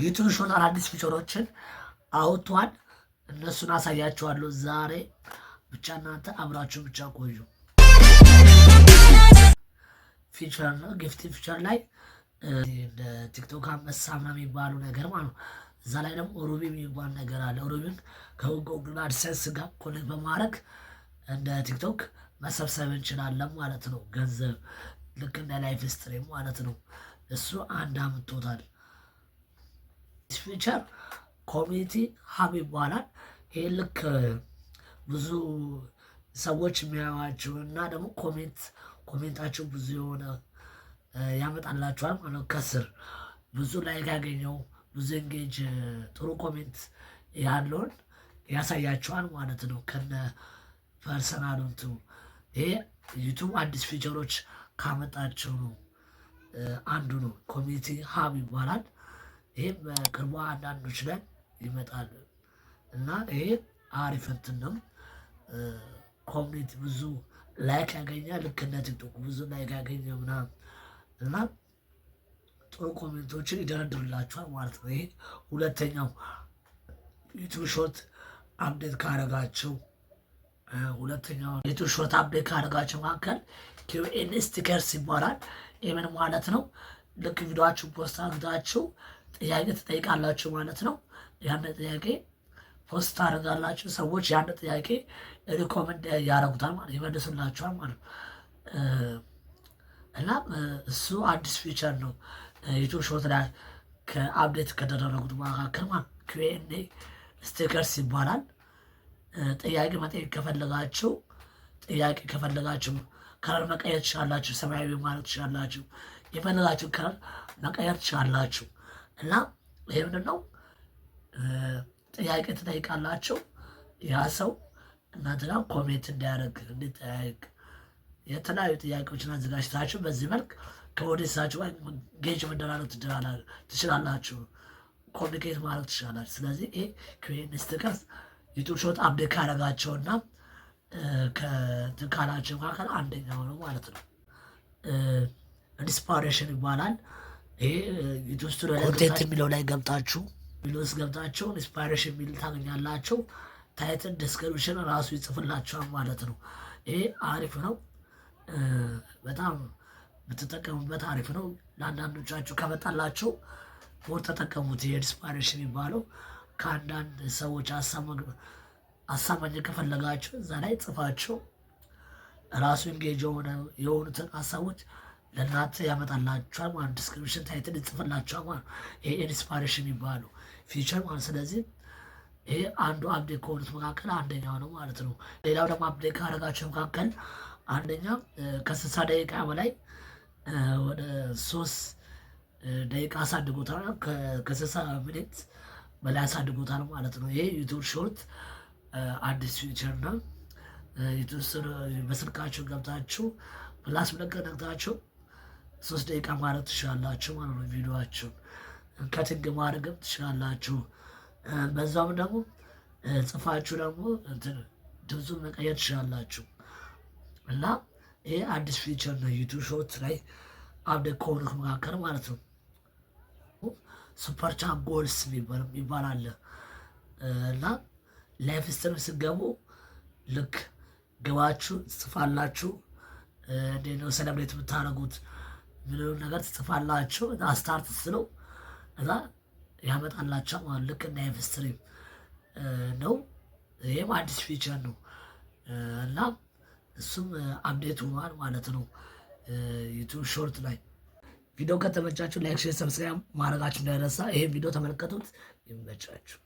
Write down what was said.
ዩቱብ የትንሹን አዳዲስ ፊቸሮችን አውቷል። እነሱን አሳያችኋለሁ ዛሬ። ብቻ እናንተ አብራችሁ ብቻ ቆዩ። ፊቸር ነው ጊፍት ፊቸር ላይ እንደ ቲክቶክ አንበሳ ምናምን የሚባሉ ነገር ማለት ነው። እዛ ላይ ደግሞ ሩቢ የሚባል ነገር አለ። ሩቢን ከጉግል አድሰንስ ጋር ኮኔክት በማድረግ እንደ ቲክቶክ መሰብሰብ እንችላለን ማለት ነው። ገንዘብ ልክ እንደ ላይፍ ስትሪም ማለት ነው። እሱ አንድ አምጥቶታል። ፊቸር ኮሚኒቲ ሀብ ይባላል። ይህ ልክ ብዙ ሰዎች የሚያዩዋችሁ እና ደግሞ ኮሜንት ኮሜንታችሁ ብዙ የሆነ ያመጣላችኋል ማለት ከስር ብዙ ላይክ ያገኘው ብዙ እንጌጅ ጥሩ ኮሜንት ያለውን ያሳያችኋል ማለት ነው። ከነ ፐርሰናል እንትኑ ይሄ ዩቱብ አዲስ ፊቸሮች ካመጣቸው ነው አንዱ ነው። ኮሚኒቲ ሀብ ይባላል። ይህም በቅርቡ አንዳንዶች ላይ ይመጣል እና ይሄ አሪፍ እንትን ነው። ኮሚኒቲ ብዙ ላይክ ያገኛል። ልክ እንደ ቲክቶክ ብዙ ላይክ ያገኘ ምናምን እና ጥሩ ኮሜንቶችን ይደረድርላችኋል ማለት ነው። ይሄ ሁለተኛው ዩቱብ ሾት አብዴት ካደረጋቸው ሁለተኛው ዩቱብ ሾት አብዴት ካደረጋቸው መካከል ኪዩኤን ስቲከርስ ይባላል። ይህ ምን ማለት ነው? ልክ ቪዲዮችን ፖስት አድርጋችሁ ጥያቄ ትጠይቃላችሁ ማለት ነው። ያን ጥያቄ ፖስት ታደርጋላችሁ። ሰዎች ያን ጥያቄ ሪኮመንድ ያደረጉታል ማለት ይመልሱላችኋል ማለት ነው። እና እሱ አዲስ ፊቸር ነው ዩቱብ ሾርት ላይ ከአፕዴት ከደረረጉት መካከል ማለት ኪዩኤንኤ ስቲከርስ ይባላል። ጥያቄ መጠየቅ ከፈለጋችሁ ጥያቄ ከፈለጋችሁ ከለር መቀየር ትችላላችሁ። ሰማያዊ ማለት ትችላላችሁ። የፈለጋችሁ ከለር መቀየር ትችላላችሁ። እና ይህ ምንድን ነው? ጥያቄ ትጠይቃላችሁ። ያ ሰው እናንተ ጋር ኮሜንት እንዲያደርግ እንዲጠያይቅ የተለያዩ ጥያቄዎችን አዘጋጅታችሁ በዚህ መልክ ከወደሳችሁ ጋር ጌጅ መደራረግ ትችላላችሁ፣ ኮሚኒኬት ማድረግ ትችላላችሁ። ስለዚህ ይህ ክሪንስትቀስ ዩቱብ ሾት አብዴት ካደረጋቸውና ከትንካላቸው መካከል አንደኛው ነው ማለት ነው። ኢንስፓሬሽን ይባላል። ይሄ ኮንቴንት የሚለው ላይ ገብታችሁ ሚሎስ ገብታችሁ ኢንስፓይሬሽን የሚል ታገኛላችሁ። ታይትን ዲስክሪፕሽን ራሱ ይጽፍላችኋል ማለት ነው። ይሄ አሪፍ ነው። በጣም ብትጠቀሙበት አሪፍ ነው። ለአንዳንዶቻችሁ ከመጣላችሁ ፎር ተጠቀሙት። የኢንስፓይሬሽን የሚባለው ከአንዳንድ ሰዎች አሳማኝ ከፈለጋችሁ እዛ ላይ ጽፋችሁ ራሱ እንጌጅ የሆኑትን ሀሳቦች ለእናንተ ያመጣላችኋል ማለት ዲስክሪፕሽን ታይትል ይጽፍላችኋል ማለት ይሄ ኢንስፓሬሽን የሚባለው ፊቸር ማለት ስለዚህ ይሄ አንዱ አፕዴት ከሆኑት መካከል አንደኛው ነው ማለት ነው። ሌላው ደግሞ አፕዴት ካደረጋቸው መካከል አንደኛ ከስልሳ ደቂቃ በላይ ወደ ሶስት ደቂቃ አሳድጎታል። ከስልሳ ሚኒት በላይ አሳድጎታል ማለት ነው። ይሄ ዩቱብ ሾርት አዲስ ፊቸር ነው። ዩቱብ በስልካችሁ ገብታችሁ ፕላስ ብለቀ ነግታችሁ ሶስት ደቂቃ ማለት ትችላላችሁ ማለት ነው። ቪዲዮችን ከትግ ማድረግም ትችላላችሁ። በዛም ደግሞ ጽፋችሁ ደግሞ ድምፁን መቀየር ትችላላችሁ እና ይህ አዲስ ፊቸር ነው ዩቱብ ሾርት ላይ አብደ ከሆኑት መካከል ማለት ነው። ሱፐርቻ ጎልስ ይባላል እና ላይፍ ስትሪም ስገቡ ልክ ግባችሁ ጽፋላችሁ እንዴት ነው ሰለብሬት የምታደርጉት የሚለውን ነገር ትጽፋላቸው እዛ ስታርት ስለው እዛ ያመጣላቸው ማለት ልክ እና ላይቭ ነው። ይህም አዲስ ፊቸር ነው እና እሱም አፕዴት ሆኗል ማለት ነው። ዩቱብ ሾርት ላይ ቪዲዮ ከተመቻችሁ ላይክ፣ ሼር፣ ሰብስክራይብ ማድረጋችሁ እንዳይረሳ። ይህም ቪዲዮ ተመለከቱት። ይመቻችሁ።